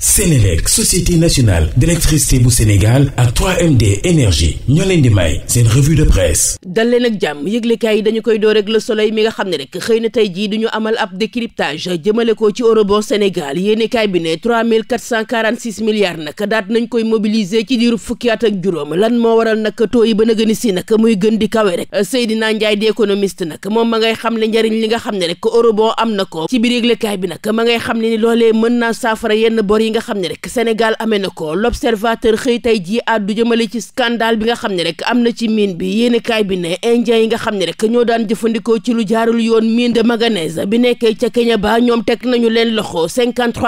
Sénélec société nationale d'électricité bu Sénégal ak 3MD énergie ñoo leen di may seen revue de presse dal ak jàmm yëglekaay yi dañu koy door rek Le Soleil mi nga xam ne rek xëy na tey jii du ñu amal ab décryptage jëmale ko ci eurobond Sénégal yéenekaay bi ne 3446 milliards nag daat nañ koy mobiliser ci diiru fukki at ak juróom lan moo waral nag taux ba na gën si nag muy gën di kawe rek Seydina Ndiaye di économiste nag moom ma ngay xam ne njariñ li nga xam ne rek eurobond am na ko ci biir yëglekaay bi nag ma ngay xam ne ni loolee yenn bor nga xam ne rek Sénégal amee na ko l'observateur xëy tey jii àddu jëmale ci scandale bi nga xam ne rek am na ci mine bi yéenekaay bi ne indien yi nga xam ne rek ñoo daan jëfandikoo ci lu jaarul yoon mine de manganèse bi nekkee ca Kenya ba ñoom teg nañu leen loxo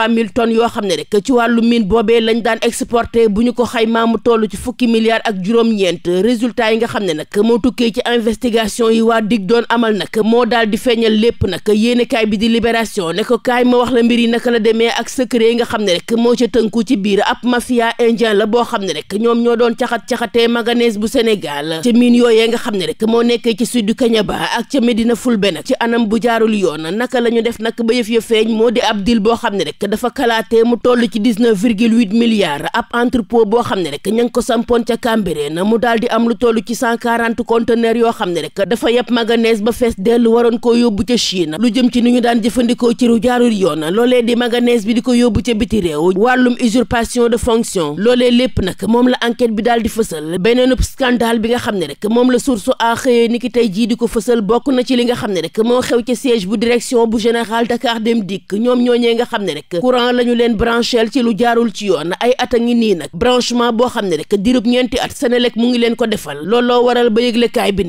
mille tonnes yoo xam ne rek ci wàllu mine boobee lañ daan exporté bu ñu ko xaymaa mu toll ci fukki milliards ak juróom-ñeent résultat yi nga xam ne nag moo tukkee ci investigation yi waa dig amal nag moo daal di feeñal lépp nag yéenekaay bi di libération ne kaay ma wax la mbir yi naka la demee ak secret yi nga xam ne rek rek moo ca tënku ci biir ab mafia indien la boo xam ne rek ñoom ñoo doon caxat-caxatee manganèse bu Sénégal ca mine yooyee nga xam ne rek moo nekkee ci sud Kañaba ak ca Medina Fulbe nag ci anam bu jaarul yoon naka la ñu def nag ba yëf ya feeñ moo di ab deal boo xam ne rek dafa kalaatee mu toll ci dix-neuf virgule huit milliards ab entrepôt boo xam ne rek ña ngi ko sampoon ca na mu daal di am lu toll ci cent quarante conteneurs yoo xam ne rek dafa yeb manganèse ba fees dellu waroon koo yóbbu ca Chine lu jëm ci ni ñu daan jëfandikoo ci lu jaarul yoon loolee bi di ko yóbbu ca biti wàllum usurpation de fonction loolee lépp nag moom la enquête bi daal fësal beneenub scandale bi nga xam ne rek moom la source a xëyee ni ki tey jii di ko fësal bokk na ci li nga xam ne rek moo xew ca siège bu direction bu général Dakar Dem Dikk ñoom ñooñee nga xam ne rek courant la leen branchel ci lu jaarul ci yoon ay at a ngi nii nag branchement boo xam ne rek dirub ñeenti at Senelec mu ngi leen ko defal looloo waral ba yëglekaay bi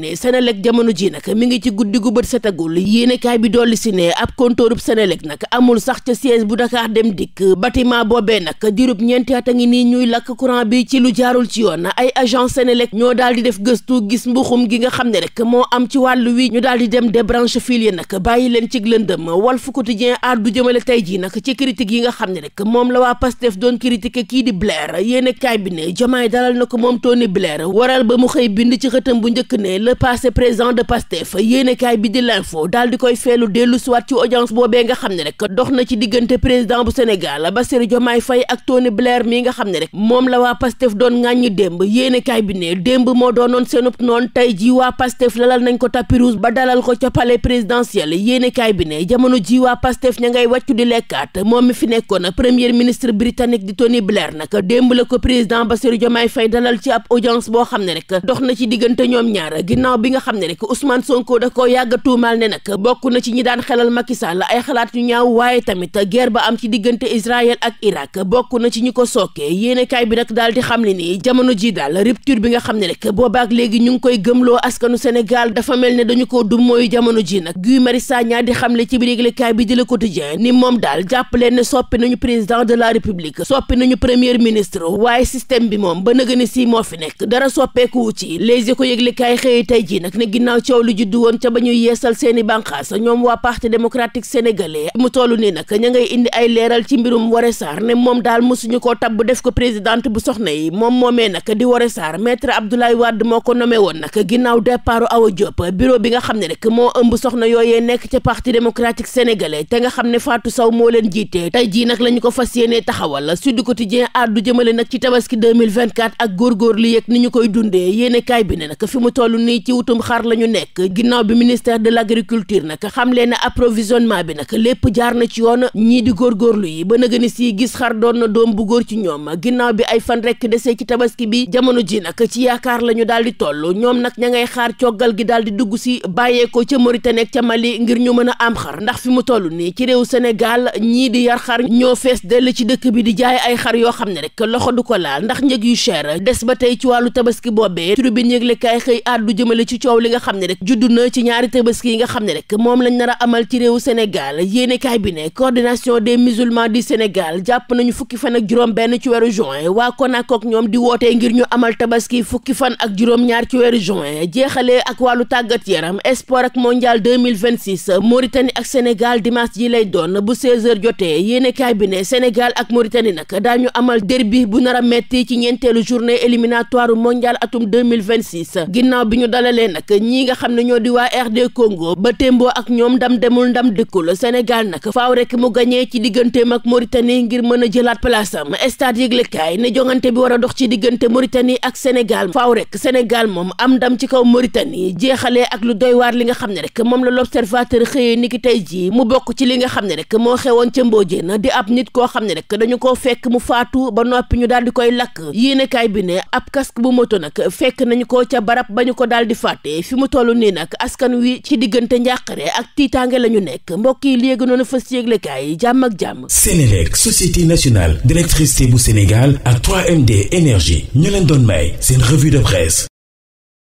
courant boobee nag dirub ñeenti at a ngi nii ñuy lakk courant bi ci lu jaarul ci yoon ay ne Senelec ñoo daal di def gëstu gis mbuxum gi nga xam ne rek moo am ci wàllu wi ñu daal di dem débranche fil yi nag bàyyi leen ci lëndëm Walf Quotidien àddu jëmale tey jii nag ci critique yi nga xam ne rek moom la waa Pastef doon critiquer kii di Blair yéene kaay bi ne Diomaye dalal na ko moom Tony Blair waral ba mu xëy bind ci xëtam bu njëkk ne le passé présent de Pastef yéene kaay bi di l'info daal di koy feelu dellu siwaat ci audience boobee nga xam ne rek dox na ci diggante président bu Sénégal Diomaye Faye ak Tony Blair mii nga xam ne rek moom la waa Pastef doon ŋàññi démb yéenekaay bi ne démb moo doonoon seenub noon tey ji waa Pastef lalal nañ ko tapis rouge ba dalal ko ca palais présidentiel yéenekaay bi ne jamono ji waa Pastef ña ngay wàccu di lekkaat moom mi fi nekkoon na premier ministre britannique di Tony Blair nag démb la ko président Bassirou Diomaye Faye dalal ci ab audience boo xam ne rek dox na ci diggante ñoom ñaar ginnaaw bi nga xam ne rek Ousmane Sonko da koo yàgg tuumaal ne nag bokk na ci ñi daan xelal Macky Sall ay xalaat yu ñaaw tamit guerre ba am ci diggante Israël Irak bokk na ci ñu ko sookee yéenekaay bi nag daal di xam ne nii jamono ji daal rupture bi nga xam ne rek boobaak léegi ñu ngi koy gëmloo askanu Sénégal dafa mel ne dañu ko dum mooy jamono ji nag Guy Marius Sagna di xam ne ci biir yéglekaay bi di Le Quotidien ni moom daal jàpp leen ne soppi nañu président de la République soppi nañu premier ministre waaye système bi moom ba nëgëni si moo fi nekk dara soppeeku ci Les ko yéglekaay xëy tey ji nag ne ginnaaw coow lu juddu woon ca ba ñuy yeesal seeni bànqaas ñoom waa Parti démocratique sénégalais mu tollu ni nag ña ngay indi ay leeral ci mbirum Woré Sarr Sarr ne moom daal mosuñu koo tabb def ko présidente bu soxna yi moom moomee nag di Woré Sarr maître Abdoulaye Wade moo ko nommé woon nag ginnaaw départu Awa Diop bureau bi nga soxna yooyee nekk ca parti démocratique sénégalais te nga xam ne Fatou Sow moo leen jiite tey jii nag la ñu ko fas yéenee taxawal Sud Quotidien addu jëmale nag ci tabaski ak góorgóor li yëg ni ñu koy dundee yéene bi ne nag fi mu toll nii ci wutum xar la ñu nekk ginnaaw bi ministère de l' agriculture bi nag lépp jaar gis xar doon na doom bu góor ci ñoom ginnaaw bi ay fan rek desee ci tabaski bi jamono ji nag ci yaakaar la ñu daal di toll ñoom nag ña ngay xaar coggal gi daal di dugg si bàyyeekoo ca Mauritanie ak ca Mali ngir ñu mën a am xar ndax fi mu toll nii ci réew Sénégal ñii di yar xar ñoo fees dell ci dëkk bi di jaay ay xar yoo xam ne rek loxo du ko laal ndax njëg yu cher des ba tey ci wàllu tabaski boobee tribune yëglekaay xëy àddu jëmale ci coow li nga xam ne rek juddu na ci ñaari tabaski yi nga xam ne rek moom lañ nar a amal ci réew Sénégal yéenekaay bi ne coordination des musulmans du Sénégal daal jàpp nañu fukki fan ak juróom benn ci weeru juin waa Konakook ñoom di wootee ngir ñu amal tabaski fukki fan ak juróom ñaar ci weeru juin jeexale ak wàllu tàggat yaram sport ak mondial 2026 Mauritanie ak Sénégal dimanche ji lay doon bu 16h jotee yéenekaay bi ne Sénégal ak Mauritanie nag ñu amal derbi bu nar a metti ci ñeenteelu journée éliminatoire mondial atum 2026 ginnaaw bi ñu dalalee nag ñi nga xam ne ñoo di waa RD Congo ba témboo ak ñoom ndam demul ndam dëkkul Sénégal nag faaw rek mu gañee ngir mën a jëlaat place am stade yëglekaay ne jongante bi war a dox ci diggante Mauritanie ak Sénégal faaw rek Sénégal moom am ndam ci kaw Mauritanie jeexalee ak lu doy waar li nga xam ne rek moom la l'observateur xëyee niki tey jii mu bokk ci li nga xam ne rek moo xewoon ca Mbodiène di ab nit koo xam ne rek dañu koo fekk mu faatu ba noppi ñu daal di koy lakk yéenekaay bi ne ab casque bu moto nag fekk nañu ko ca barab ba ñu ko daal di fàtte fi mu toll nii nag askan wi ci diggante njàqare ak tiitaange la ñu nekk mbokk yi léegi noonu fas yëglekaay jàmm ak jàmm société nationale d'électricité bu Sénégal ak 3MD énergie ñu leen doon may seen revue de presse